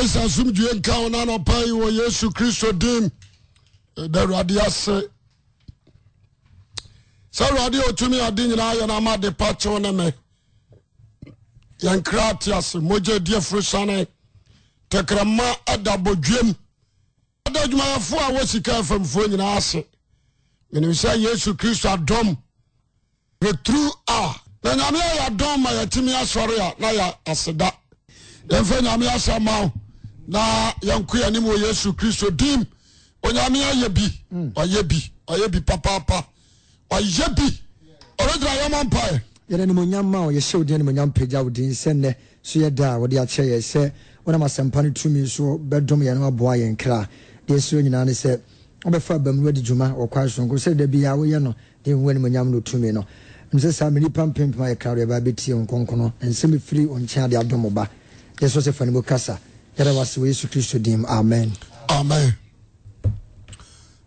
aisa asomdue nka wo na anɔpa yi wɔ yesu kristo dim ɛda awurade ase sɛ awurade ɔtumi ade nyinaa yɛ ama de pa kyew ne me yɛnkra ate ase mogya di afiri sane tɛkrɛma ada bɔdwam ada adwumayɛfoɔ a wɔsika afamfoɔ nyinaa ase menim sɛ yesu kristo adɔm retru a na nyame a yɛadɔm ma yɛatumi asɔre a na yɛ aseda yɛmfa nyame asɛ ma na yɛnko yɛnim mo yesu kristo dim onyame ayɛ bi ɔyɛ bi ɔyɛ bi papaapa ɔyɛ bi ɔregyina yɛma mpae yɛde nimonyam ma wo yɛhyɛ wodin nimonyam pagya wo din sɛ nnɛ so yɛda a wode akyerɛ yɛ sɛ wonam asɛmpa no tumi so bɛdom yɛ no aboa yɛn kra deɛ ɛsuro nyinaa ne sɛ wobɛfa abamuno adi dwuma wɔkwa sonko sɛ da biaa woyɛ no de hu animonyam no tumi no m sɛ saa menipa mpempem a yɛkra wode bɛbɛtie wo nkɔnkɔno ɛnsɛm firi wo nkyɛn ade adom wo ba yɛ so sɛ fa no mu kasa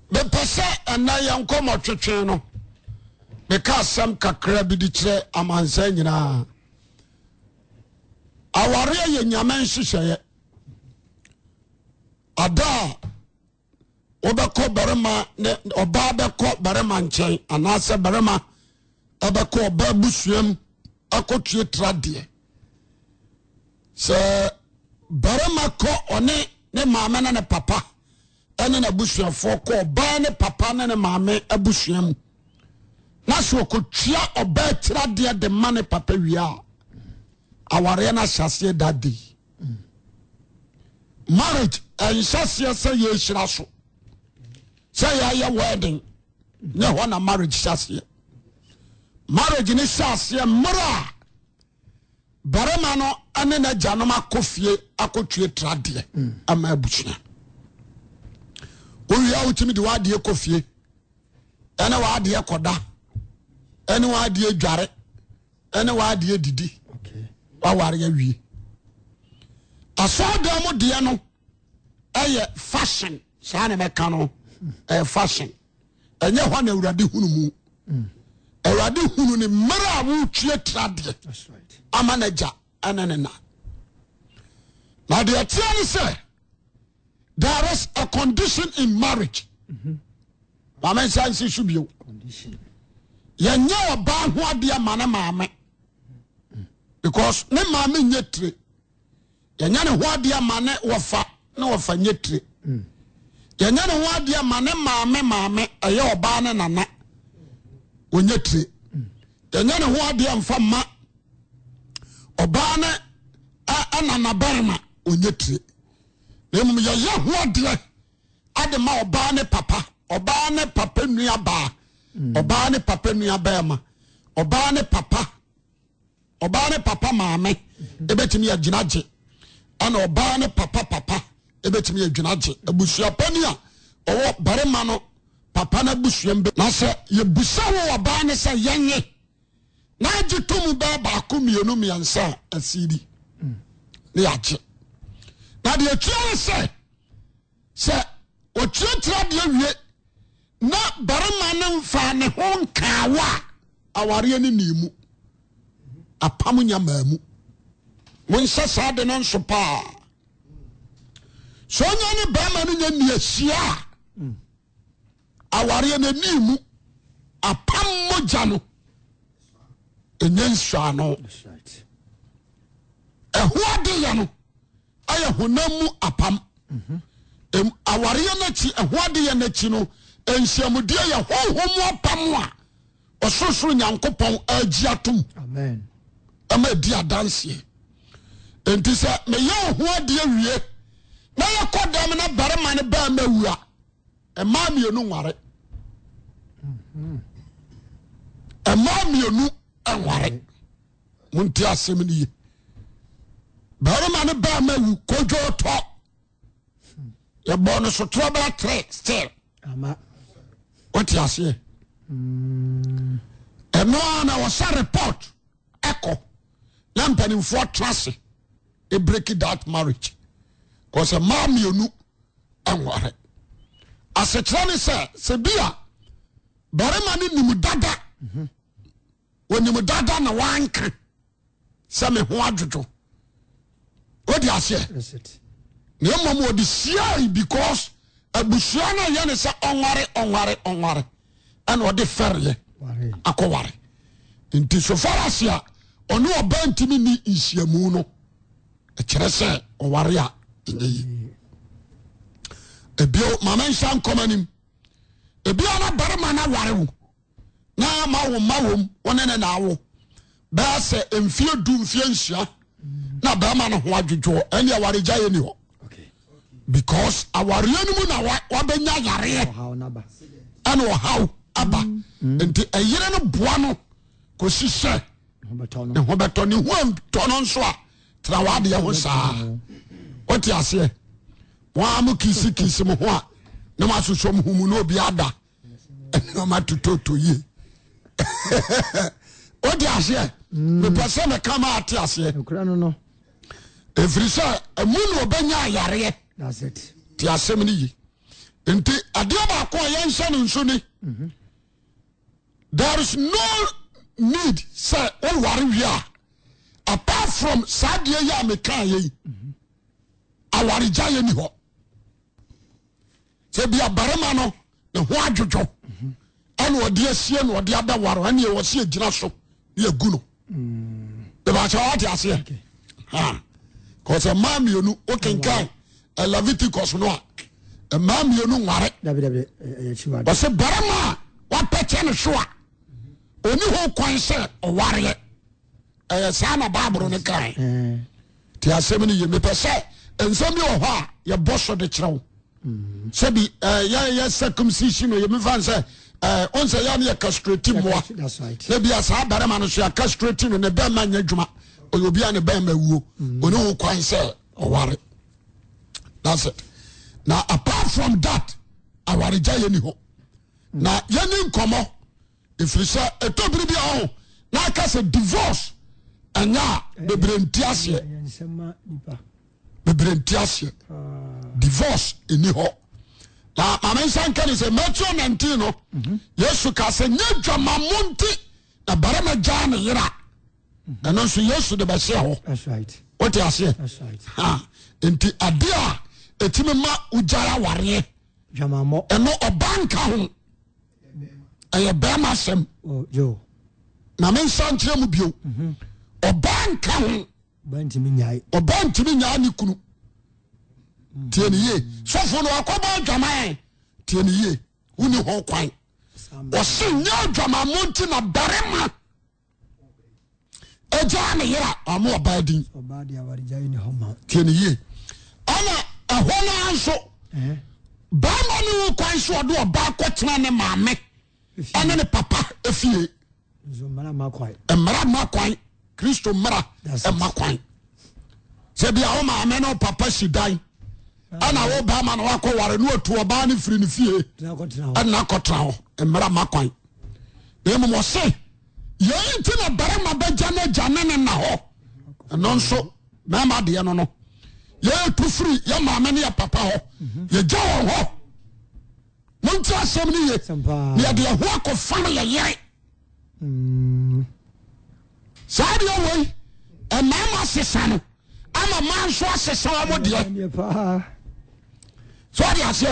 bɛpɛ sɛ ɛna yɛnkɔmmɔ twetwee no bɛka asɛm kakra bidi kyerɛ amansaa nyinaaa aware ayɛ nyame nhyehyɛeɛ ada a wobɛkɔ barmaɔba bɛkɔ barima nkyɛn anaasɛ barima bɛkɔ ɔba busuam akɔtue tra deɛ sɛ barima kɔ ɔne ne maame ne ne papa ɛne nabusuafoɔ kɔ ɔbaa ne papa ne ne maame abusua mu na so ɔkɔtua ɔbaa tiradeɛ de ma ne papa wie a awareɛ no ahyɛseɛ da de marriage ɛnhyɛseɛ sɛ yɛhyira so sɛ yɛayɛ wedding ne hɔ na marriage hyɛseɛ marriage ne hyɛseɛ mmerɛ a barima no ɛne no agyanom akɔ fie akɔtwe tradeɛ ama abusua owia wotumi de waadeɛ kɔ fie ɛne waadeɛ kɔda ɛne waadeɛ dware ɛne waadeɛ didi waware awie asɔɔdan mu deɛ no ɛyɛ fashion saa na mɛka no ɛyɛ fashion ɛnyɛ hɔ na awurade hunu mu mm. awurade hunu ne mmerɛ a wotwie tradeɛ ama no agya ɛne ne na na deɛ ɛteɛ ne sɛ there is a condition in marriage mm-hmm. maame nsa nsi so bio yɛnyɛ ɔbaa ho adeɛ ma ne maame because ne maame nyɛ tire yɛnyɛ ne ho adeɛ ma ne wɔfa ne wɔfa nyɛ tire mm. yɛnyɛ ne ho adeɛ ma ne maame maame ɛyɛ ɔbaa ne nana onyɛ tire mm. yɛnyɛ ne ho adeɛ mfa ma ɔbaa ne ananabarima onye tire na mmom yɛyɛ hoɔdeɛ ade ma ɔbaa ne papa ɔbaa ne papa nnuabaa ɔbaa ne papa nnuabɛɛma ɔbaa ne papa ɔbaa ne papa maame ɛbɛtumi yɛ gyina gye ɛna ɔbaa ne papa papa ɛbɛtumi yɛ gyina gye abusua pani a ɔwɔ barima no papa no mbe. bi na sɛ yɛbusa wɔ ɔbaa ne sɛ yɛnye na agye tom bɛɛ baako mmienu mmiɛnsa a asiidi ne yɛagye na deɛ atua ne sɛ sɛ ɔkyerɛkyerɛ deɛ wie na barima no mfaa ne ho nkaawa a awareɛ no nimu apam nya maamu monsɛ saa de no nso paa sɛ onya ne barima no nya nniasia a awareɛ no animu apam mogya no ɛnya nsuaa no ɛho adeyɛ no ɛyɛ honam mu apam awareɛ noakyi ɛho adeyɛ noakyi no ɛnhyiamudeɛ yɛ honhom apam a ɔsorosoro nyankopɔn agyia tom ɛma adi adanseɛ enti sɛ meyɛ ɔho adeɛ wie na yɛkɔ dɛm no barima no baa ma wu a ɛmaa mmienu nware ɛmaa mhm. mmienu ɛware monti asɛm no ye barima no baa ma wu kodwo tɔ yɛbɔ no sotorɔ baa tere still wote aseɛ ɛno a na wɔsa report ɛkɔ na mpanimfoɔ tra se ɛbreki that marriage bcause ɛmaa mmienu ɛnware asekyerɛ ne sɛ sɛ bi a barima no nim onim dada na wanka sɛ me ho adwodwo wode aseɛ na mmom wɔde siae because abusua no yɛ ne sɛ ɔware ɔware ɔware ɛna ɔde fɛreɛ akɔware nti sofar ase a ɔne ɔba ntimi ne nhyiamu no ɛkyerɛ sɛ ɔware a ɛnyɛ yi ebio mama nhyɛ nkɔmanim ebio no barima no aware wo na ma wo ma wom wɔne ne naawo bɛɛ sɛ mfie du mfie nhyia na bɛrima no ho adwodwoɔ ɛne awaregya yɛ ni hɔ because awareɛ no mu na wabɛnya yareɛ ɛne ɔhaw aba mm-hmm. nti ɛyere no boa no kɔsi sɛ ne ho bɛtɔ ne ho antɔ no nso a tra wadeɛ ho saa wote aseɛ moa mo kisikisi mo ho a na moasosɔ mo ho mu na obi ada ɛne ɔma tototo yie wode aseɛ mm. mepɛ sɛ meka ate aseɛ ɛfiri sɛ amu na ɔbɛnya ayareɛ nti asɛm no yi nti adeɛ baako a yɛnhyɛ no nso ni mhm. there is no need sɛ woware wie a apart from saa deɛ yi a mekaa yɛyi awaregya yɛ mhm. ni hɔ sɛ bia no ne ho adwodwo ɛna ɔde asie na ɔde abɛware ɛna ɛwɔ se gyina so na yɛgu no bɛbɛkyɛ wɔte aseɛ kɔsɛ mmaa mmienu o kenkan leviticus no a mmaa mmienu nware ɔsɛ eh, barima a wapɛ kyɛ ne so a ɔni hɔ kwan sɛ ɔwareɛ ɛyɛ saa na baaboro no kan nti eh. asɛm no ye mepɛ sɛ nsɛm bi wɔ hɔ eh, a yɛbɔ so de kyerɛ wo sɛbi yɛyɛ circumcision o yɛmefa sɛ ɔnsɛ eh, yɛ ne yɛ castrati mmoa na bia saa barima no so yɛ castrati no ne bɛma nyɛ adwuma ɔyɛ obia ne bɛma wuo ɔne mm. ho kwan sɛ ɔware that's it na apart from that awaregya yɛ ni hɔ mm. na yɛne nkɔmmɔ ɛfiri sɛ ɛtɔbiri bi a ho sɛ divorce ɛnyɛ a eh, bebree eh, nti aseɛ bebree nti aseɛ ah. divorce ɛni hɔ mamensankani sɛ matuo19 no yesu ka sɛ nyɛ dwama mmɔ nte na baramagyaa ne yera ɛno nso yesu de bɛseɛ hɔ wote aseɛ nti adeɛ a ɛtimi ma wogyare awareɛ ɛno ɔba nka ho ɛyɛ baima asɛm na oh, mensa nkyerɛ mu bio mm-hmm. ɔbaa nka ho ɔbaa ntimi nya no kuru tieniye sofo no wakɔbɔ adwama tieniye woni hɔ kwan ɔse nyɛ adwama mo nti na barema agyaa ne yera ɔmo ɔbaa din tieniye ɛna ɛhɔ no nso barima no wo kwan so ɔde ɔbaa kɔtena ne maame ɛne ne papa afie mmara ma kwan kristo mmara ɛma kwan sɛ bia wo maame ne papa si dan ana wo bama na wakɔ ware ne watu ɔbaa no firi no fie ɛna kɔtena hɔ mmara ma kwan na mmom ɔse yei nti na barima bɛgya no agya ne ne na hɔ ɛno nso mɛma deɛ no no yɛtu firi yɛ maame ne yɛ papa hɔ yɛgya wɔn hɔ monti asɛm no ye na yɛde ɛho akɔfa no yɛyere saa deɛ wei ɛmaama sesa no ama ma nso asesa wɔ mo deɛ So sọọdi aseɛ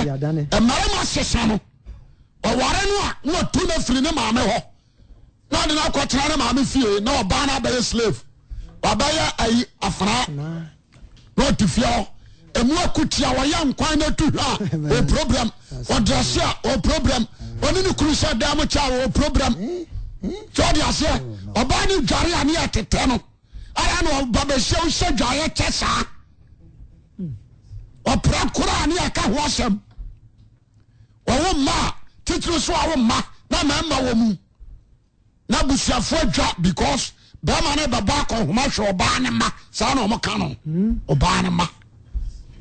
mmarima sisa no ɔware no a na ɔtu na firi ne maame hɔ na ɔde na akɔtena ne maame fie na ɔbaa na abɛyɛ slave wabɛyɛ ayi afra na ɔte fie hɔ emu a wɔyɛ nkwan na etu hwɛ a o problem ɔdrɛsi a o problem ɔne ne kuru sɛ dan mu kyɛ a o problem sọọdi aseɛ ɔbaa ne dware a ne yɛ tetɛ no ayɛ na ɔba bɛhyia ɔhyɛ dware kyɛ saa ɔpra koraa ne yɛka ho asɛm ɔwo mma a titiri so a mma na mɛma wɔ mu na busuafoɔ dwa because bɛrima ne bɛba akɔhoma hwɛ ɔbaa ne ma saa na ɔmo no ɔbaa ne ma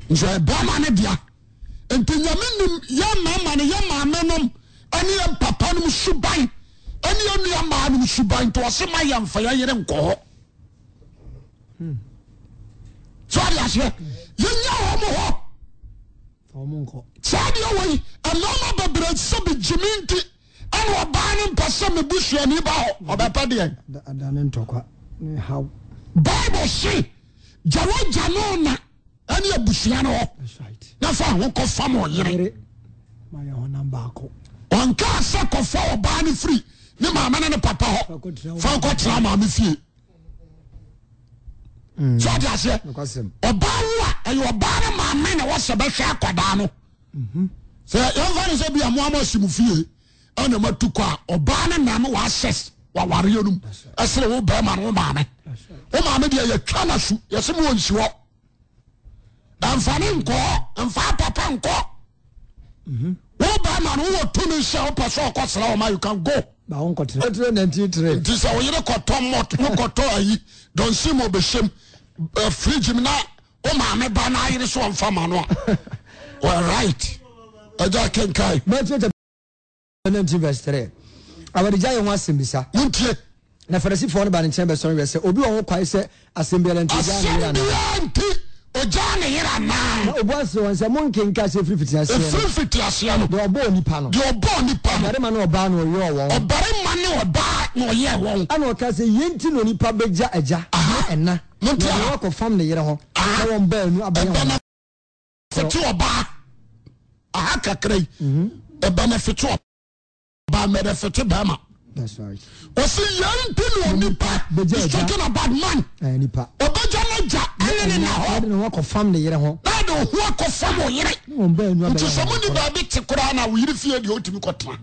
nso bɛrima ne dea nti nyame nim yɛ mama no yɛ maame nom ɛne yɛ papa nom suban ɛne yɛ nua maa nom suban nti ɔse ma yɛ mfa yɛyere nkɔ hɔ so ade yɛnya hɔ mo hɔ saa deɛ wei ɛnɔma bebree sɛ begyimi nti ɛne ɔbaa no mpɛ sɛ mebusuani ba hɔ ɔbɛpɛ deɛn bible se gyawo jano na ɛne abusua no hɔ na fa ho kɔfa ma ɔyere ɔnkaa sɛ kɔfa ɔbaa no firi ne maama no ne papa hɔ fa nkɔtena maame fie Mm. so ɔde aseɛ ɔbaa wo a ɛyɛ ɔbaa maame na wɔsɛ bɛhwɛ akwadaa no sɛ yɛmfa no sɛ bi moa ma asi mu fie ɛna matu kɔ a ɔbaa no wa waasɛ wawareɛ no mu ɛsere wo bɛrima no wo maame wo maame deɛ yɛtwa no su yɛsɛ ma wọ nsi ɛmfa ne nkọ nfa papa nkọ. Mm-hmm. wo bɛrima no wowɔ tumi sɛ wopɛ sɛ ɔkɔ sra ɔma you can go nti sɛ wo kɔtɔ mɔt wokɔtɔ ayi dɔnsi ma obɛhyɛm fridge mi na o maame ba na ayere so ɔnfa ma no a alright ɛgya kenkae. matthew chapter nineteen verse three awadigya yɛ ho asɛmbisa. wuntie. na farisifoɔ no ba ne nkyɛn bɛsɔn wɛ sɛ obi wɔ ho kwan sɛ asɛm biara nti gya ne yera nti ogya ne yera naa. na obu ase wɔn sɛ mo nkenka se efiri fiti aseɛ no. efiri fiti aseɛ no. deɛ ɔbɔ nipa no. deɛ ɔbɔ nipa no. ɔbarima ne ɔbaa no ɔyɛ wɔn. ɔbarima ne ɔbaa na ɔyɛ wɔn. ɛna ɔka sɛ yɛn ti na onipa bɛgya ɛgya. aha ɛna yɛde wɔkɔ fam ne yere hɔ ah. na wɔn baanu abɛyɛ hɔ. fiti ɔbaa aha kakra yi mhm. ɛbɛnɛ fiti ɔbaa mɛrɛ fiti bɛrima ɔsi yɛn ti onipa is talking about man ɔbɛgya ne gya ɛne ne na hɔ na de ohu akɔ fam o yere nti sɔmu ni baabi ti koraa na o yiri fie o timi kɔ tena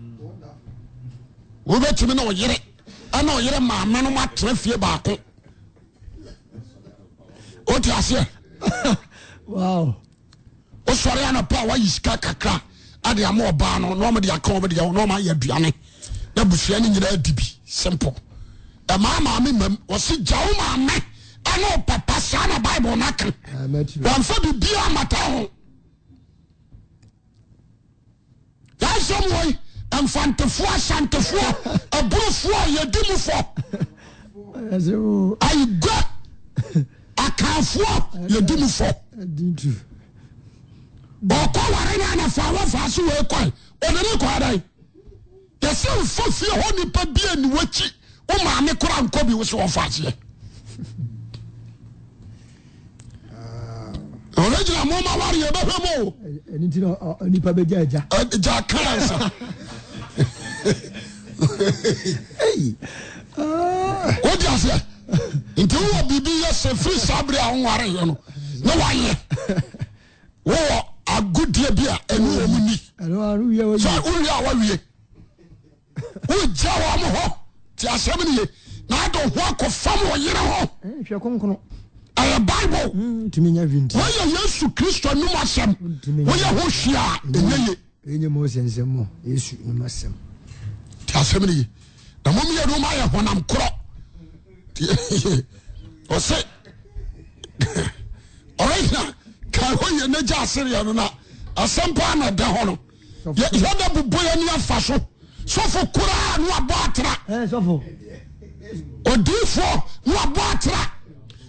o bɛ timi na o ɛna o yere maame tena fie baako. woti aseye wosore anapa wayesika kakra adsane ynadib smple amamamema ose jawom ame aneopapa saana bible noke amfa bibia mataho yasomei mfantefoo santefoo aboro foo yedimu fo aga akaafoɔ yɛdi mu fɔ ɔkɔ ware no anafa wafa so wei kɔe ɔde ne kɔa dan yɛsɛ mfa fie hɔ nnipa bia ne wakyi wo maame kora nkɔ bi wo sɛ wɔfa aseɛ ah. ɔregyina moma ware yɛbɛhwɛ mu nipa bɛgya agya agya karansa wode aseɛ enti wowɔ biribi yɛ sɛ firi sa bere a wowarehɛ no ne wayɛ wowɔ agodeɛ bi a ɛnomunisɛ wowie a wawie woegya wo m hɔ ntiasɛm ne ye na ade hoa kɔfam o yere ho ayɛ bible woyɛ yesu kristo nnom asɛm woyɛ ho hwea a ɛnɛyeamoanomayɛ honamkorɔ ɔsɛ ɔrehina ka hɔ yɛ n'agya asereɛ no na asɛm paa na da hɔ no yɛda bobɔ yɛ ne afa so sɔfo koraa ne wabɔ atera eh, odiifoɔ ne wabɔ atera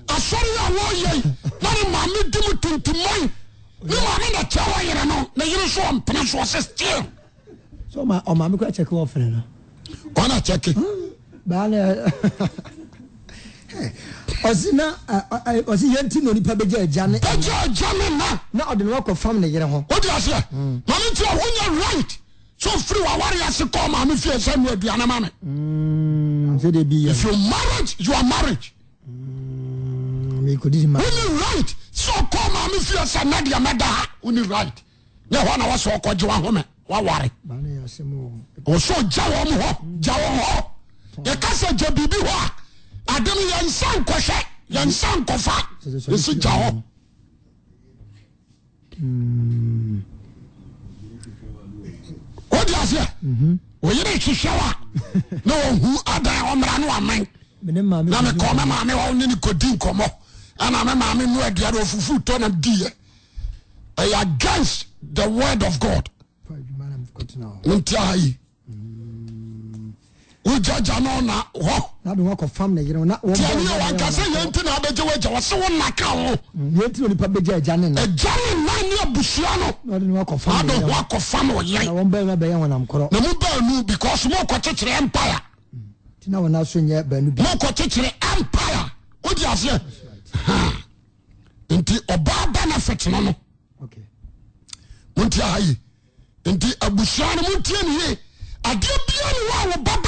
asɔre a wɔyɛ na ne maame di mu tuntumɔi ne maame na kyɛ wɔ yere no na yere so ɔmpene so ɔsɛ still so ɔmaame kɔ akyɛke wɔfrɛ no ɔna kyɛke ɔsi na ɔsi yɛn ti na onipa bɛ gye ɛgya ne. bɛ gye ne na. na ɔde ne wakɔ fam ne yere ho. o di ase maame ti a wonya right so firi wa wari ase kɔ maame fi ɛsɛ nu aduane ma mi. nse de bi yɛ. if you marriage you are marriage. maame ko di ma. woni right so kɔ maame fi ɛsɛ na deɛ mɛ da ha woni right ne hɔ na wasɔ ɔkɔ gye wa home wa wari. o so gya wɔn hɔ gya wɔn hɔ yɛ kasa gya biribi hɔ a adem yɛnsa nkɔhwɛ yɛnsa nkɔfa yɛsi gya hɔ wodi hmm. aseɛ mm-hmm. oyere hwehwɛ wa na ɔhu adan ɔmmra no aman na mekɔ me maame wɔ ne ne kɔdi nkɔmmɔ ɛna me maame no adua no ɔfufu tɔ na diɛ ɛyɛ against the word of god nti ayi wogyaagya no na hɔ tiɛneyɛ wanka sɛ yɛnti na abɛgye wagya wɔ se wo naka wo agya ne na ne abusua no ade ho akɔfam wo yɛn na mo baanu because moɔkɔkyekyerɛ empire moɔkɔkyekyerɛ empire wodi aseɛ hmm. nti ɔbaa benefit no no monti aha yi nti abusua no montie ne ye adeɛ bia ne wɔ a wo baba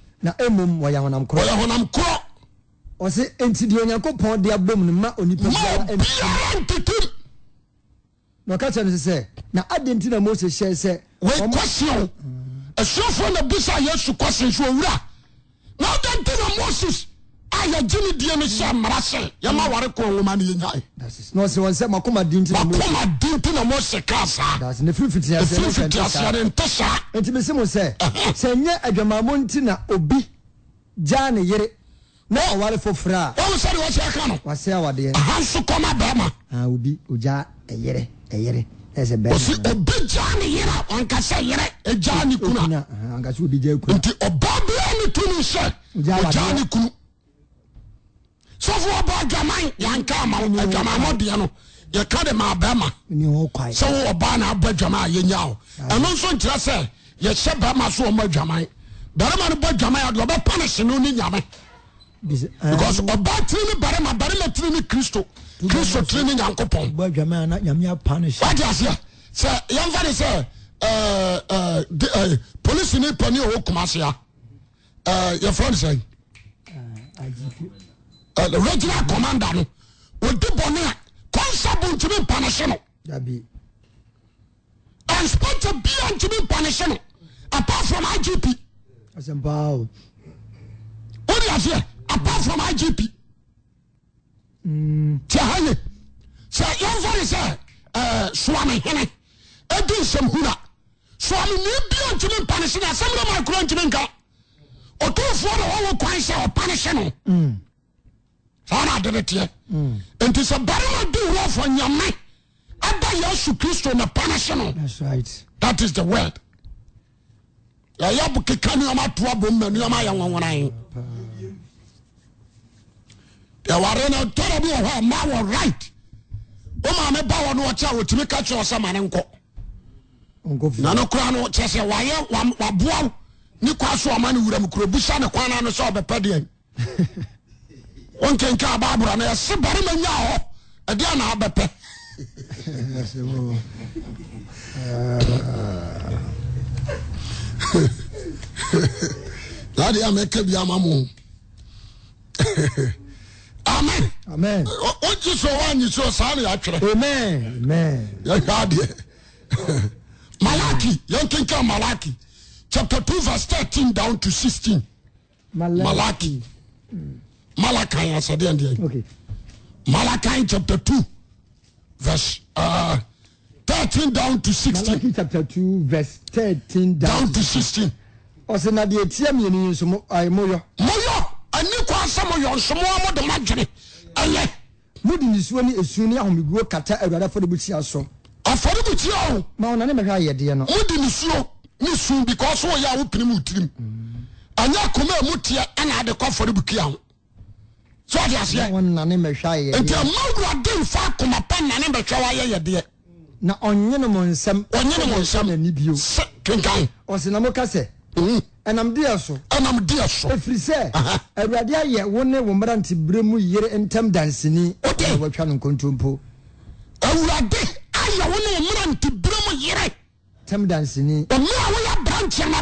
na mmom wɔyɛ honam korɔ wɔyɛ honam korɔ ɔsɛ enti deɛ onyankopɔn de abom no ma onipa biara ntetem na ɔka kyerɛ no sɛ na adɛn nti na mose hyɛe sɛ wɔkɔseɛ asuafoɔ na bisa yesu kɔsen so owura na adɛn nti na moses yɛgye ne die no hyɛ mmara se yɛma ware kɔ nwoma no yɛnyae makoma din nti na mose ka saafirifitiaseɛ ne nte saa nti mese mo sɛ sɛ nyɛ adwamammɔ nti na obi gyaa ne yere na ɔware oh. foforɔ a wɔm sɛde wɔsɛ ka no wasɛ awadeɛ aha nso kɔma bɛrima obi ogyaa ɛyere ɛyere ɔsi obi gyaa ne yere a ɔnkasɛ yere ɛgyaa ne kuna e nti ɔba bia ne tu no hyɛ ɔgyaa ne kunu sɔfo ɔbɔ adwaman yanka ama adwaman mɔdeɛ no yɛka de ma bɛrima sɛ wowɔ baa na abɔ adwaman a yɛnya o ɛno nso nkyerɛ sɛ yɛhyɛ bɛrima so ɔmɔ adwaman bɛrima no bɔ adwaman adeɛ ɔbɛpanese no ne nyame because ɔbaa um, tiri ne bɛrima bɛrima tiri ne kristo kristo tiri ne nyankopɔn wagye aseɛ sɛ yɛmfa de sɛ ɛɛ ɛɛ polisi ne panin a ɔwɔ kumasiya ɛɛ yɛfrɛ no sɛ. Eh, regional commander no odi bɔne a kɔnsabo ntumi mpane se no inspector bia ntumi mpane se no apart from igp wode aseɛ apart from igp nti aha ye sɛ yɛmfa ne sɛ soame hene ɛdi nsɛm hura soame ne bia ntumi mpane se no asɛm no ma kora ntumi nka ɔtomfoɔ na wɔwɔ kwan sɛ ɔpane se no ha na enti sɛ barima de worɔfo nyame aba yesu kristo ne panishe no that is the word yɛyɛ bo keka nneɔma toa bom ma nneɔma yɛ nwonwonae ɛware no tɔra bi wɔ hɔ a ma wɔ right woma me ba wɔ no wɔkyɛ a wɔtumi ka kyerɛ wɔ ma ne nkɔ na no no kyerɛ sɛ wayɛ waboa ne kwa so ɔma no wura mu kuro busa ne kwan no sɛ ɔbɛpɛ deɛ ɔnkenka baabura na yɛse barima nya hɔ ɛde ana abɛpɛ lade a mɛka bi ama mo amen ɔgye so woanyi so saa ne yɛatwerɛ yɛhwɛ adeɛ malaki yɛnkenka malaki chapter 2 verse 13 down to 16 malaki, malaki. Mm malakan asɛdeɛ deɛ malakan chapter two verse uh, down to sixteen malakan chapter two verse thirteen down, down to sixteen. ɔsɛ na deɛ tia mmienu yi nso ayi moyɔ. moyɔ ani kɔ asɛ moyɔ nsomoa mo de ma dwene ɛyɛ. mode nisuo ne esu ne ahomeguo kata awurade afɔrebukyia so. afɔrebukyia o. ma ɔna ne mɛhwɛ ayɛdeɛ no. mode nisuo ne su because wɔyɛ a wopene mu tirim. anya akoma a mu teɛ ɛna ade kɔ afɔrebukyia sọọdi aseɛ nti ɛma awurade nfa akoma pa nane bɛhwɛ wayɛ yɛdeɛ na ɔnyene mo nsɛm ɔnyene mo nsɛm n'ani bio sɛ kenkan ɔsi kasɛ ɛnam mm-hmm. deɛ so ɛnam deɛ so efiri sɛ awurade ayɛ wo ne wo mmerante bere mu yere ntɛm dansini ɔde wɔatwa no nkontompo awurade ayɛ wo ne wo mmerante bere mu yere ntɛm dansini ɔmo a woyɛ aberanteɛ na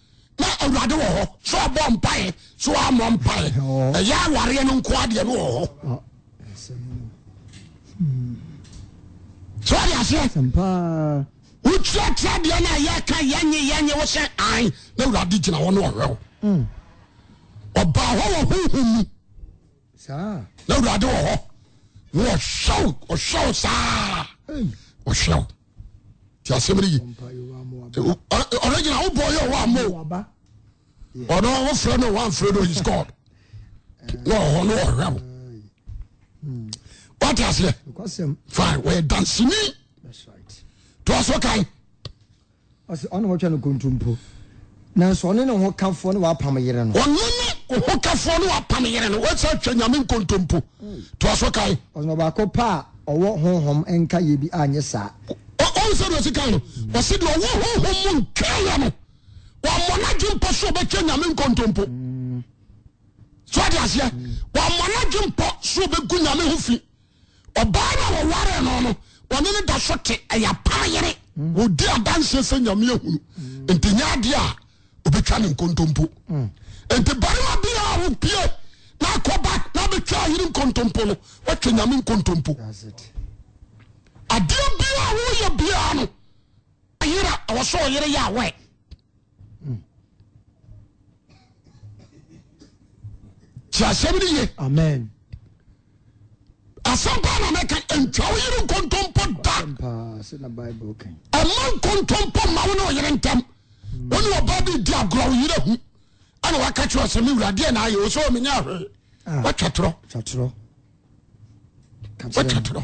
na awurade wɔ hɔ sɛ ɔbɔ mpae sɛ wɔamɔ mpae ɛyɛ awareɛ no nko adeɛ no wɔ hɔ ah. sɛ ɔde aseɛ wotuatua deɛ no a yɛka yɛnye yɛnye wo sɛ ae na awurade gyina hɔ no ɔhwɛ wo hmm. ɔbaa hɔ wɔ honhom mu na awurade wɔ hɔ na ɔhwɛ wo ɔhwɛ wo saa ɔhwɛ wo ti asɛm no yi ɔno gyina wobɔ yɛ ɔwɔ ammo ɔno wofrɛ no wamfrɛ no his god na ɔhɔ no ɔhwɛ wo wate aseɛ fine wɔyɛ danseni toa so kae ɔne wɔtwa no kontompo nanso ɔne ne ho kafoɔ ne wapam yere no ɔno ne ho kafoɔ ne wapam yere no wɔsɛ atwa nyame nkontompo toa so kae ɔno baako pa a ɔwɔ honhom ɛnka yɛ bi anyɛ saa wọ́n sẹ́ni ọ̀sìn kan no ọ̀sìn deɛ ɔwọ́ hóhó mu nkẹ́yà no wàmọ̀ n'adé mpọ so ọbẹ̀kyẹ nyame nkontompo so adi aseɛ wàmọ̀ n'adé mpọ so ọbẹ̀gu nyame ho fi ɔbaa na wɔware no no wɔne ne da so te ɛyà paayere wòdi adanseɛ sɛ nyame ehunu nti nyɛ adeɛ a ọbɛtwa ne nkontompo nti barima bi a wopie n'akɔba n'abɛtwa ayiri nkontompo no wɔtwe nyame nkontompo adeɛ bia a woyɛ biaa no ayera ɛwɔ sɛ ɔyere yɛ awɛ ti asɛm no ye amen asɛm paa na mɛka ntwa wo yere nkontompo da ɛma nkontompo ma wo ne ɔyere ntɛm wo ne ɔba bi di agorɔ wo yere hu ana waka kyerɛ sɛ me wuradeɛ na ayɛ wo sɛ ɔmenya ahwee ah. watwa torɔ watwa torɔ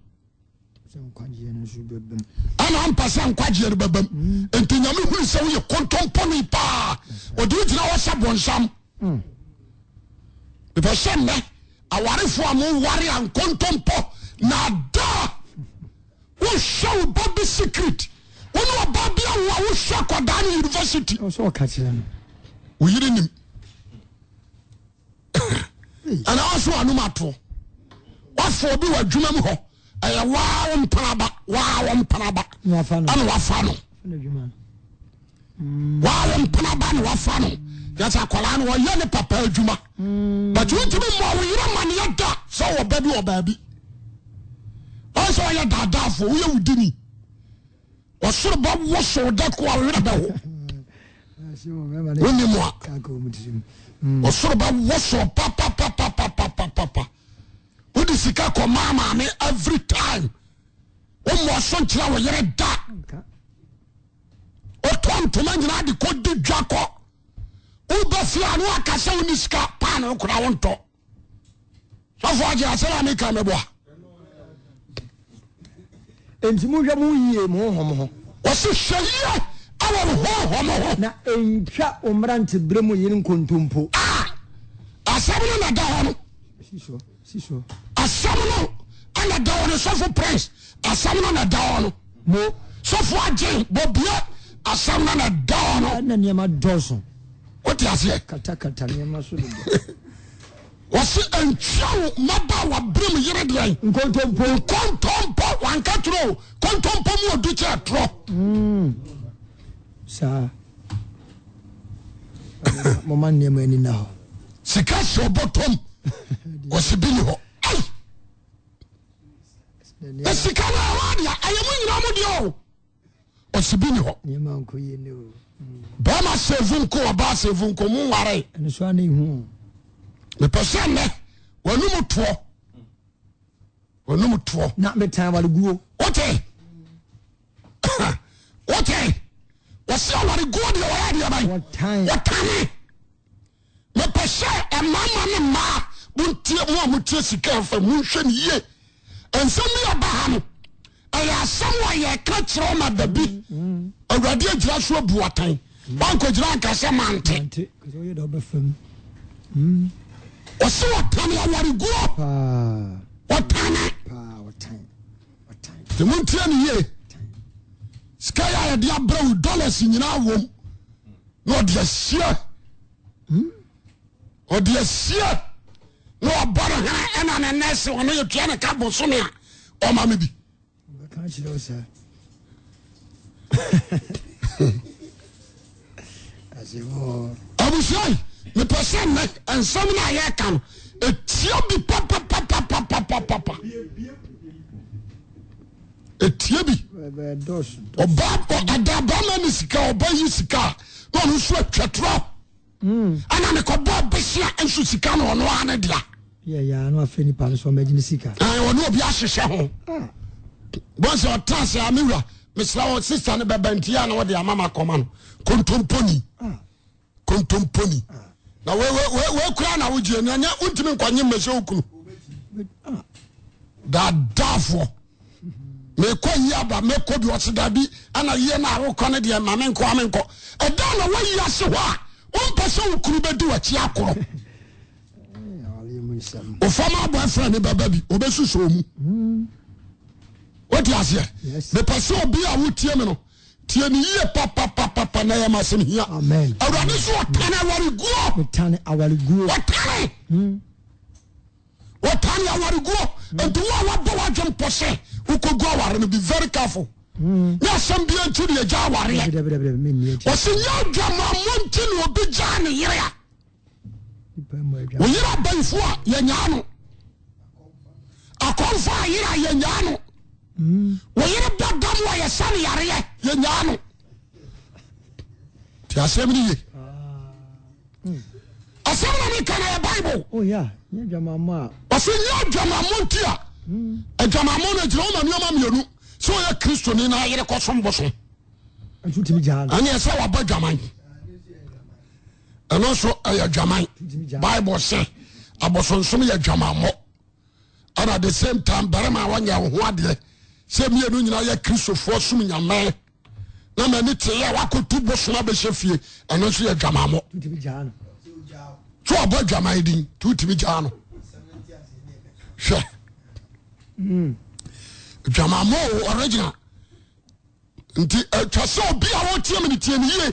ana ampa sɛ nkwagyeɛ no bɛbam mm. enti nyame hunu sɛ woyɛ kontompɔnoi paa ɔde wo gyina wɔhyɛ bonsam bɛpɛ mm. sɛ nnɛ awarefoɔ a moware a nkontompɔ na adaa wohwɛ wo ba bi secret wone ɔba bi awo a wohwɛ kɔdaa no university wo yere nim anaa waso anom atoɔ wafoɔ bi wɔ adwuma mu hɔ ɛyɛ waa wo mpanaba waa wo mpanaba ɛna wafa no mm. waa wo mpanaba na wafa no yɛsɛ akwaraa no wɔyɛ ne papa adwuma mm. but wontumi mmoa wo yerɛ ma ne yɛda sɛ wɔba bi wɔ baabi ɔyɛ sɛ ɔyɛ daadaafoɔ woyɛ wo dini ɔsoro bɛwo sow da ko a werɛ bɛho mm. wonni mu a ɔsoro bɛwo sow papapapapapapa wode sika kɔmaa maame every time wommɔ so nkyerɛ wo yere da wotɔ ntoma nyinaa de kɔdi dwa kɔ wobɛ fia ne wakasɛ wo ne sika paa ne nkora wo ntɔ sɔfo agye asɛre a meka mɛboa enti mohwɛ mo yie mo honhom ho wɔse hwɛ yie awɔ wo honhom ho na ɛntwa wo mmerante berɛ mu yere nkontompo ah! asɛm no na da hɔ asɛm no ɛna da wɔ no sɔfo prince asɛm no na da no mo sɔfo agye bɔbia asɛm no na da wɔ no ɛna nneɛma dɔɔso wote aseɛ katakata nneɛma so dodo wɔsi ntwawo maba wa birim yere deɛ yi nkontompo nkontompo wanka turo nkontompo mu odi kyɛ turo. Hmm. saa mo ma nneɛma ani na hɔ. sika sɛ ɔbɔ tɔm. osibini ho aiesika ne aradia ayemu yina mu deo sibini h bama sevo ko abasevoko moware mepɛse me nm ton to ot ose wareguo diaayediba otane mepɛse mama ne ma montie mo a motie sika fa monhwɛ ne ye ɛnsɛm bi aba ha no ɛyɛ asɛm wɔ yɛ ka kyerɛ ma dabi awurade agyira so abu atan wankɔgyina anka sɛ mante ɔse wɔtane awareguo wɔtane nti montie ne ye sika yɛ a yɛde abrɛ wo dollars nyinaa wom na ɔde asie hmm? ɔde asie na ɔbɔ no ɛna ne nɛ se ɔno yɛtua ne ka bosome a ɔma me bi abusuai mepɛ sɛ nnɛ no a yɛka papa papa papa papa ɛtia bi adaba ma ne sika ɔba a na Mm. ana mekɔbɔ besia nso sika no ɔnoa e ah. ah, ne dea ɔne obi ahyehyɛ ho bɔn sɛ ɔtra sɛ a mewura mesra wɔ sister no bɛbantia na wɔde amama kɔma no kontomponi ah. kontomponi na wɔkura na wogye no ɛnyɛ wontimi nkɔnye mmɛhyɛ wo kunu daadaafoɔ mekɔ yi aba mekɔ bi ɔse da ana yie no a no deɛ ma menkɔ a ɛda na wayi ase hɔ a wompɛ sɛ wo kuru bɛdi wakyi akorɔ mm. ofama boyfriend bɛba bi obɛsusoo mu wote aseɛ mepɛ sɛ obi a wotie me no tie ne yie papapapa na yɛma sɛm hia awurade so wɔtane awareguo wɔtane wɔtane awareguo hmm. nti wo a wabɔ woadwe mpɔ sɛ wokɔgu aware no be very careful me asam bia nto ne yɛja wareɛ ose ya aja mam nti n obi ja n yerea o yere abai fowa yɛ yan aknfoa yere yɛ yan o ye̱re dodamwa yɛ san yareyɛ yɛ yan t asɛmine ye asɛmina mi kana yɛ bible ose oh, nya ajuaamam ntia ajama m n aia womaneamamien sɛ ɔyɛ kristoni na ayere kɔsom bosom ɛneɛ sɛ wabɔ dwaman ɛno nso ɛyɛ dwaman bible sɛ abosonsom yɛ dwamammɔ ana the same time barima a wanyɛ wo ho adeɛ sɛ mmienu nyinaa yɛ kristofoɔ som nyamɛɛ na mani teɛ wakɔtu bosom abɛhyɛ fie ɛno nso yɛ dwamammɔ sɛ wabɔ dwaman din nti wotumi gyaa no hwɛ dwamamo original nti atwa sɛ obi a wɔtie me no tie ne yie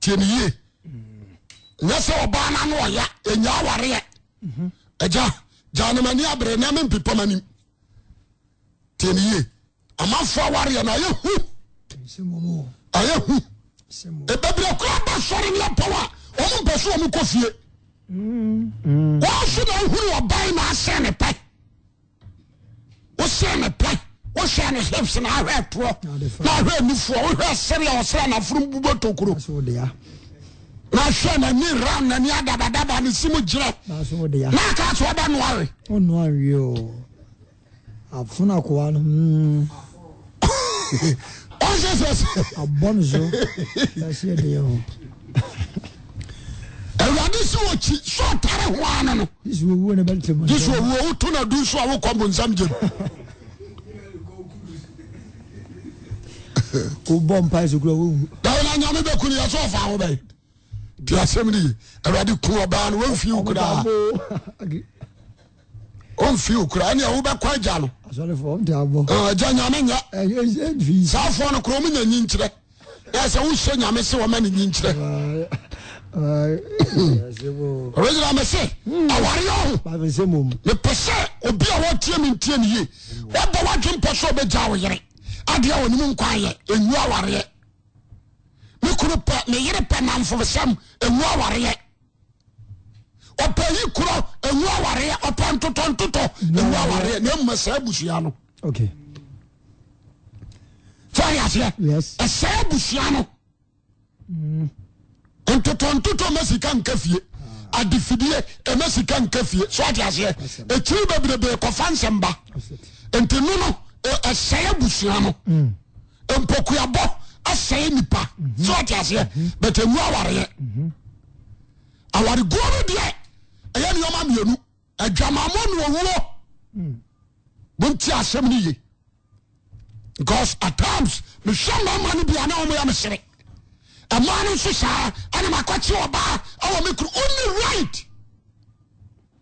tie ne yie nyɛ sɛ ɔbaa na no ɔya ɛnya awareɛ agya gya nemani abere na mempepa m'anim tie ne yie amafoɔ awareɛ no ayɛ hu ayɛ hu ɛbɛbrɛ kora ba sɔre ne apɔw a ɔmo mpɛ so ɔmo kɔ fie mm. wɔn na ohuru ɔban na asɛn ne pɛ wosɛ ne pɛ wohwɛ ne hips na ahwɛ toɔ na ahwɛ nifoɔ wohwɛ sere a ɔsrɛ naforo bubɔ tokuro na hwɛ n'ani ram n'ani adabadaba ne sim gyerɛ na aka so ɔba noare afuna kowa no hmm. ɔnsɛ sɛ sɛ abɔ no so ɛsɛ deɛ ho sɛ wɔkyi sɛ ɔtare ho ano no yesu owuo woto na du so a wokɔ bonsam gyem wobɔ mpa sɛ kura wɔwu dawo na nyame bɛku no yɛ sɛ ɔfa wo bɛe nti asɛm no ye awurade ku ɔbaa no wɔmfie wo koraa ɔmfie wo koraa ɛneɛ wobɛkɔ agya no agya nyame nyɛ saafoɔ no korɔ ɔmenya nyinkyerɛ ɛsɛ wohyɛ nyame se wɔma ne nyinkyerɛ gnmese awarey o epesɛ obiawo tieno ntienoye wada wadwenpɛ sɛ obɛda woyere adeɛ onim nkoyɛ au awareɛ mekromeyere pɛ namfobsam awu awareyɛ ɔpɛyi koro awu awareɛ ɔpɛntotontoto au aware na mu saabusuano fariafiɛ ɛsa abusua no ntoto ntoto masika nka fie adefidie masika nka fie ɛ iribabireee fa nsɛmba nti non sɛɛ busa no paɔ sɛ nipaɛ aware warego deɛ ɛyɛnemamin wamamɔnuwo motie asɛmnoye auseattims ehɛmamano aneasere ɛmaa no nso saa ɛnam akɔkye ɔbaa ɛwɔ me kuro only right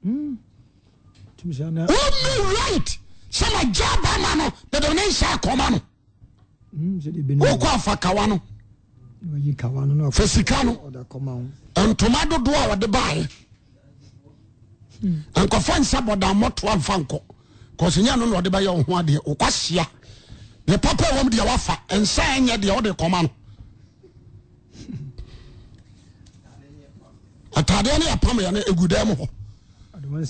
hmm. only right sɛ magya ba ma no dede ne nhyɛ akɔma no hmm, wokɔ afa kawa no fa sika no ntoma dodoɔ a wɔde baeɛ hmm. nkɔfa nsa bɔdammɔtoa mfa nkɔ kɔsɛ no na ɔde bɛyɛ wo ho adeɛ wokɔsia ne papa wɔm deɛ wafa nsa ɛnyɛ deɛ wode kɔma no atade ne yapame yane agude mho wode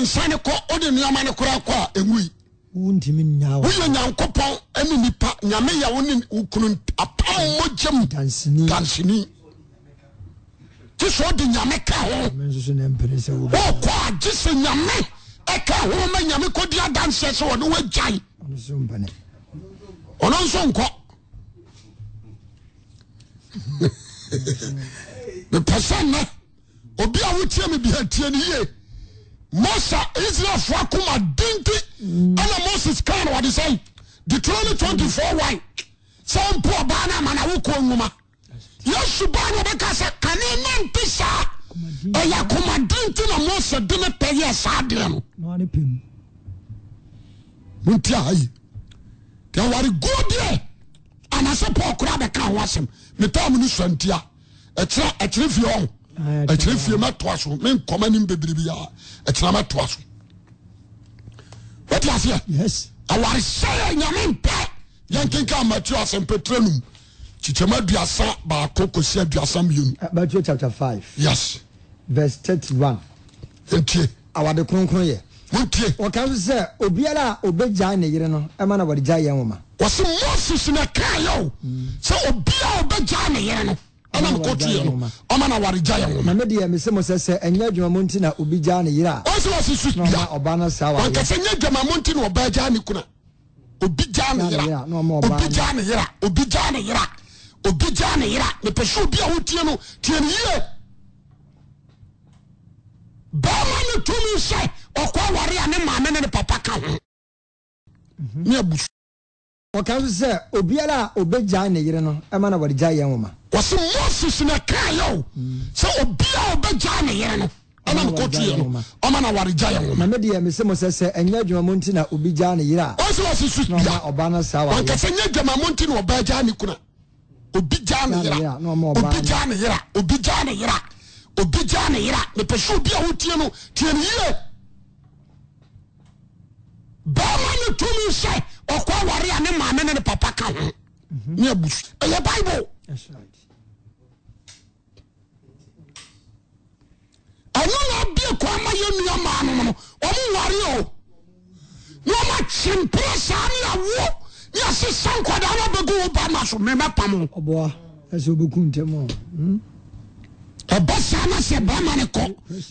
nsane ko wode noamane kora kɔ a ɛmuiwoyɛ nyankopɔn me nipa nyameyn apam mogye mu danseni tesɛ ode yame ka hookɔa gyesɛ yame ka ho ma yame kodiadanse se wone woayai ɔno nso nko pe sena obi awo tieme bia tienoye mose israel foa koma dinte ana moses kane ode se detrono twent fo ne so puba no manawokwoma ysuba ne ekasɛ anenante saa ya komadinte na mose deme pey saa dere norgoɛ na ɛkyerɛ ɛkyerɛ fie ɔho ah, ɛkyerɛ fie mɛtoa so me nkɔma nim bebree bi a ɛkyerɛ mɛtoa so wɔte aseɛ awaresɛɛ nyame mpɛ yɛnkenka matthew asɛmpɛtrɛ num kyikyɛma aduasa baako kɔsi aduasa mmienu ah, matthew chapter five yes verse thirty one ntie awade kronkron yɛ wontie wɔka so sɛ obiara a obɛgyae ne yere no ɛma na wɔde gyae yɛn woma wɔse moses na kaa yɛ o mm. sɛ obiara a obɛgyae ne yere no ɛna mekɔ tuiɛ no ɔma na waregya yɛ nwoma mame deɛ mesɛ mo sɛ sɛ ɛnyɛ adwuma mu nti na obi gyaa ne yerɛ a ɔsɛ wɔse so dua nyɛ adwuma mu nti na ɔbaa gyaa ne kuna obi gyaa ne yera obi gyaa ne yera obi gyaa ne yera obi gyaa ne yera mepɛ sɛ obi a wotie no tie ne yie bɛrima ne tumi sɛ ɔkɔ ware a ne maame ne ne papa ka ho ne mhm. abusu wɔka so sɛ obiara a obɛgyae ne yere no ɛma na wɔde gyae yɛn woma wɔse moses na kaa yɛo sɛ obiaa obɛgyae ne yere no ɛna mekɔtuyɛ no ɔma na wɔde gyae yɛn woma mame deɛ mesɛ mo sɛ sɛ ɛnyɛ adwuma mu nti na obi gyae ne yere a ɔsɛ wɔse so bia ɔba no saa wankasɛ nyɛ adwuma mu nti na ɔbaa gyae ne kuna obi gyae ne yera obi gyae ne yera obi gyae ne yera obi gyae ne yera mepɛ sɛ obi a wotie no tie ne yie bɛrima ɔkɔ awɔre a ne maame ne ne papa ka ho mhm. ne abusu ɛyɛ bible ɛno na abie kɔ ama yɛ nua maa nom no ɔmo ware o na ɔma kyempere saa ne awoɔ ne asesa nkɔdaa no abɛgu wo ba ma so memɛpam wo ɛbɛ saa na sɛ bɛma ne kɔ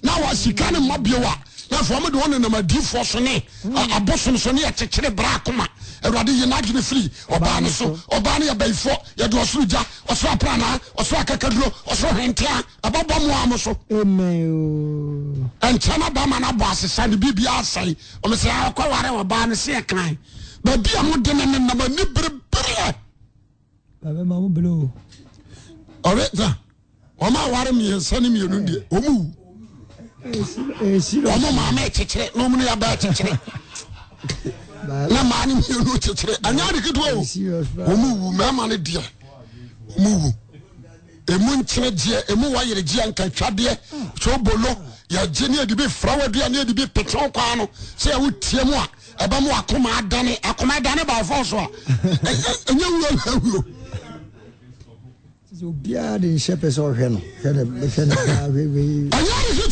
na wɔ sika ne mmɔ bio a yàtọ̀ ọmọdé wọn nenam adiifoɔ so ne mm. abosom so ne yɛ kyekyere bra akoma awurade yi n'adwene firi ɔbaa ne so ɔbaa ne yɛ bɛyifɔ yɛde ɔsoro gya ɔsoro aprana ɔsoro akakaduro ɔsoro hentea ɛbɛbɔ mu amu so. ɛnkyɛn abama n'abɔ asesa ne bibi asɛn ɔmɛsɛ akɔware ah, ɔbaa ne seɛ kan baabi a mo de ne nenam ani berebere. baabi maa mo bere o. ɔbɛ ta wɔn a mi mmiɛnsa ne mmienu deɛ wɔn mu wu ɔmo maame kyekyere na ɔmo ne yaba kyekyere na maa ne mmienu kyekyere anya de ketewa o ɔmo wu mmarima ne deɛ ɔmo wu emu nkyene deɛ emu wayere deɛ nkatwadeɛ sɛ bolo yɛgye ne yɛde bi furawa dua ne yɛde bi pɛtɛw kwan no sɛ yɛwo tie mu a ɛbɛ mu akoma adane akoma adane baafo so a ɛnyɛ wuo na wuo. obiara de nhyɛ pɛ sɛ ɔhwɛ no hwɛ ne hwɛ ne daa wei wei. ɔyɛ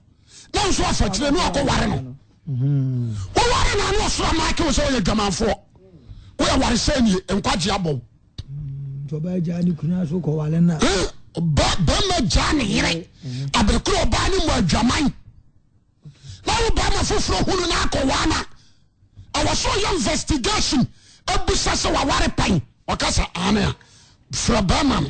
yẹnso afakyire ni ọkọ ware no wọ́n ware na ni ọ̀sọ́ amáàkì wọ́n sọ wọ́n yẹ dwamanfoɔ wọ́n yẹ ware sẹ́yìn ni nkwagye abọ́. ìjọba ẹja ni kùnú aṣọ kọ wale náà. bẹ́ẹ̀ma gya ni yẹrẹ abirikuru ọba ni mu adwaman n'awo bẹ́ẹ̀ma foforọ hunu n'akọ wana àwọn sọ yẹ investigation ebusa sẹ wà ware pan ọkasa amẹ fúra bẹ́ẹ̀ma no.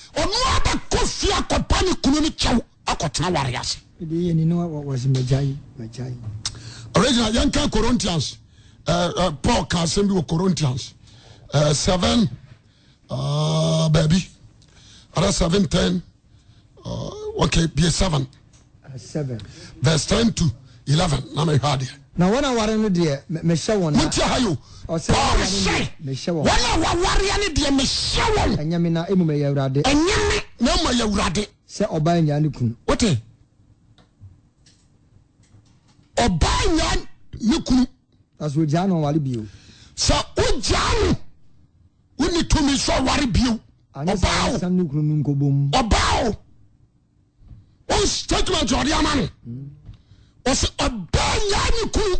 ɔno abɛkɔ fie akɔpa ne kunu no kyɛw akɔtena ware ase original yɛnka corinthians eh, eh, paul ka asɛm bi wɔ corinthians uh, 7 uh, baabi ara 7 10 uh, okay bie 7 verse 10 to 11 na mehwɛ adeɛ na wɔn a ware no deɛ mehyɛ wɔn a montia ha yo ɔsɛ oh, mehyɛ wɔn wɔn a wɔwareɛ ne deɛ mehyɛ wɔn ɛnyɛ me na emu yɛ awurade ɛnyɛ me na emu yɛ awurade sɛ ɔbaa nyaa ne kunu wote ɔbaa nyaa ne kunu ɛsɛ ogyaa na ɔware bio sɛ ogyaa no wone tumi sɛ ɔware bio ɔbaa o ɔbaa o wɔn statement ɔde ama no ɔsɛ mm. ɔbaa nyaa ne kunu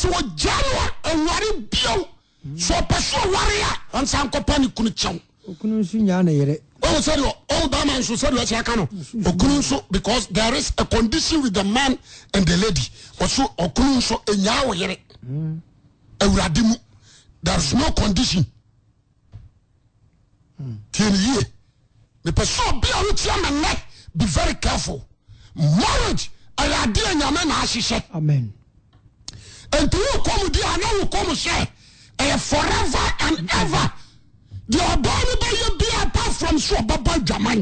sɛ wɔgya no aware bio sɛ ɔpɛ so ɔware a ansa nkɔpa ne kunu kyɛw okunu nso nyaa ne yere. ɔwɔ sɛ deɛ ɔwɔ baa nso sɛ deɛ ɔkyerɛ ka no okunu nso because there is a condition with the man and the lady ɔso okunu nso enyaa wɔ yere awurade mu there is no condition tie ne yie mepɛ sɛ ɔbi a wotia me nnɛ be very careful marriage ɛyɛ adeɛ nyame na ahyehyɛ. amen nti wo kɔm deɛ ana wo kɔm sɛ ɛyɛ forever and ever deɛ ɔbaa no bɛyɛ bia apart from so ɔbɛbɔ adwaman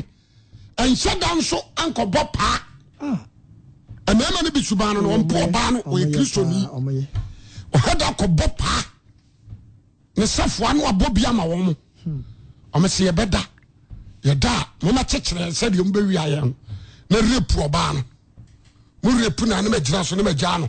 ɛnhyɛ da nso ankɔbɔ paa ah. mmarima no bi suban no no ɔmpo ɔbaa no ɔyɛ kristoni ɔhɛ da kɔbɔ paa ne sɛfoa no abɔ bi ama wɔn mo ɔmo sɛ yɛbɛda yɛda a moma kyekyere sɛdeɛ mobɛwiayɛ no na repu ɔbaa no mo repu na ne magyina so ne magyaa no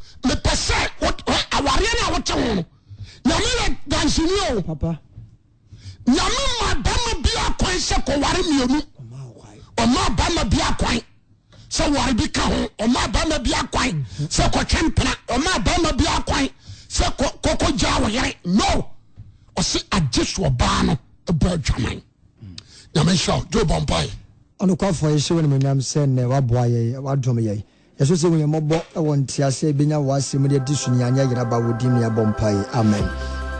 mepɛ sɛ awareɛ no a wote ho no nyame yɛ danseni o nyame ma bama bia kwan sɛ kɔware mmienu ɔma bama bia kwan sɛ ware bi ka ho ɔma bama bia kwan sɛ kɔtwe mpena ɔma bama bia kwan sɛ kɔkɔgyaa wo yere no ɔse agye so ɔbaa no bra adwaman nyame hyɛ wo job ɔmpae ɔnokwafoɔ yɛhyɛ wo nimonyam sɛ nnɛ woaboa yɛ woadom yɛi yɛso sɛ hu yɛ wɔ nteaseɛ bɛnya wɔ asɛm de adi so neanyɛ yeraba wɔ di mpae amen